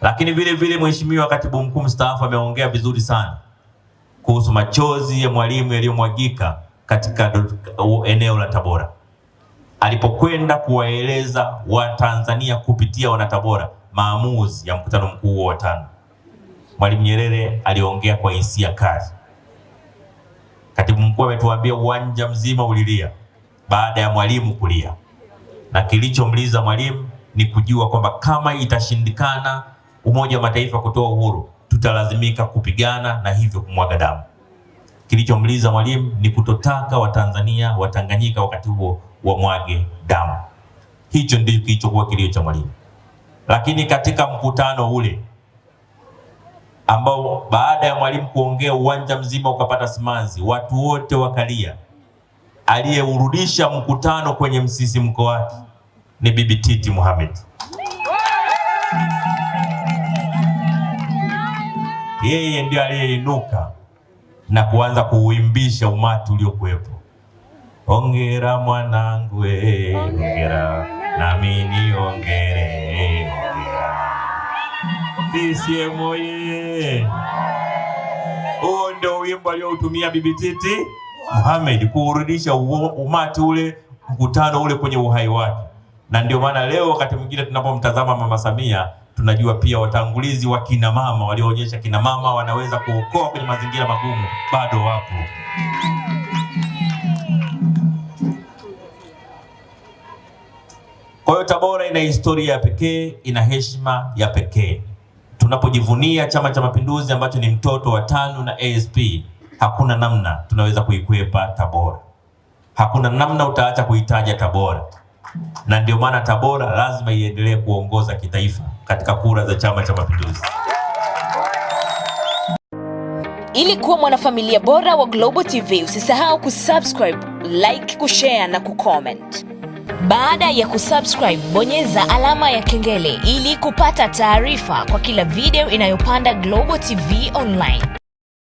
Lakini vile vile Mheshimiwa Katibu Mkuu mstaafu ameongea vizuri sana kuhusu machozi ya mwalimu yaliyomwagika katika eneo la Tabora alipokwenda kuwaeleza Watanzania kupitia wanatabora maamuzi ya mkutano mkuu wa TANU. Mwalimu Nyerere aliongea kwa hisia kali. Katibu mkuu ametuambia uwanja mzima ulilia baada ya mwalimu kulia, na kilichomliza mwalimu ni kujua kwamba kama itashindikana Umoja wa Mataifa kutoa uhuru, tutalazimika kupigana na hivyo kumwaga damu. Kilichomliza Mwalimu ni kutotaka Watanzania Watanganyika wakati huo wamwage damu. Hicho ndicho kilichokuwa kilio cha Mwalimu. Lakini katika mkutano ule ambao baada ya Mwalimu kuongea uwanja mzima ukapata simanzi, watu wote wakalia, aliyeurudisha mkutano kwenye msisimko wake ni Bibi Titi Mohamed. Yeye ndiye aliyeinuka na kuanza kuuimbisha umati uliokuwepo, ongera mwanangu, eh, eh, ongera nami ongere CCM oyee! Oh, Huo ndio wimbo aliyoutumia Bibi Titi Mohamed kuurudisha umati ule, mkutano ule kwenye uhai wake na ndio maana leo wakati mwingine tunapomtazama Mama Samia tunajua pia watangulizi wa kina mama walioonyesha kina mama wanaweza kuokoa kwenye mazingira magumu bado wapo. Kwa hiyo Tabora ina historia ya pekee, ina heshima ya pekee. Tunapojivunia Chama cha Mapinduzi ambacho ni mtoto wa tano na ASP, hakuna namna tunaweza kuikwepa Tabora, hakuna namna utaacha kuitaja Tabora na ndio maana Tabora lazima iendelee kuongoza kitaifa katika kura za Chama cha Mapinduzi. Ili kuwa mwanafamilia bora wa Global TV, usisahau kusubscribe, like, kushare na kucomment. Baada ya kusubscribe, bonyeza alama ya kengele ili kupata taarifa kwa kila video inayopanda Global TV Online.